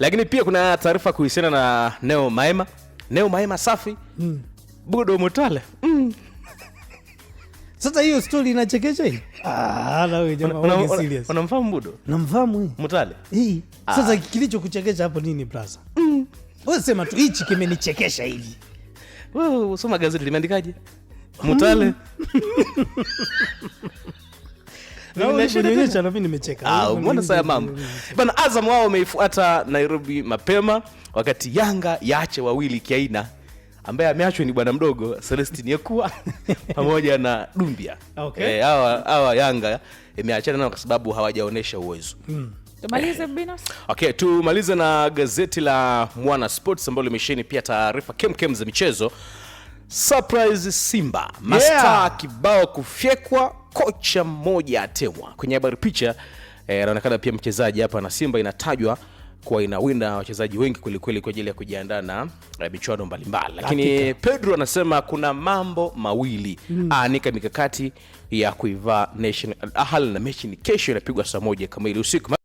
Lakini pia kuna taarifa kuhusiana na Neo Maema. Neo Maema safi. Mm. Budo motale Mm. Sasa hiyo story inachekesha hii. Ah, ah na wewe jamaa wewe serious. Unamfahamu Budo? Namfahamu hii. Mutale. Hii. Ah. Sasa ah, kilicho kuchekesha hapo nini brother? Mm. Wewe sema tu hichi kimenichekesha hivi. Wewe usoma gazeti limeandikaje? Mutale. Mm. ulivyonionyesha na ah, Azam wao wameifuata Nairobi mapema, wakati Yanga yaache wawili kiaina ambaye ameachwa ni bwana mdogo Celestin Yekua pamoja na Dumbia. Okay. E, hawa, hawa Yanga imeachana nao kwa sababu hawajaonyesha uwezo mm. Okay, tumalize na gazeti la Mwana Sports ambalo limesheni pia taarifa kemkem za michezo Surprise Simba mastaa yeah. Kibao kufyekwa, kocha mmoja atemwa kwenye habari. Picha eh, inaonekana eh, pia mchezaji hapa na Simba inatajwa kuwa inawinda wachezaji wengi kwelikweli kwa ajili ya kujiandaa na eh, michuano mbalimbali, lakini Pedro anasema kuna mambo mawili mm. aanika mikakati ya kuivaa Al Ahly na mechi ni kesho inapigwa saa moja kamili usiku.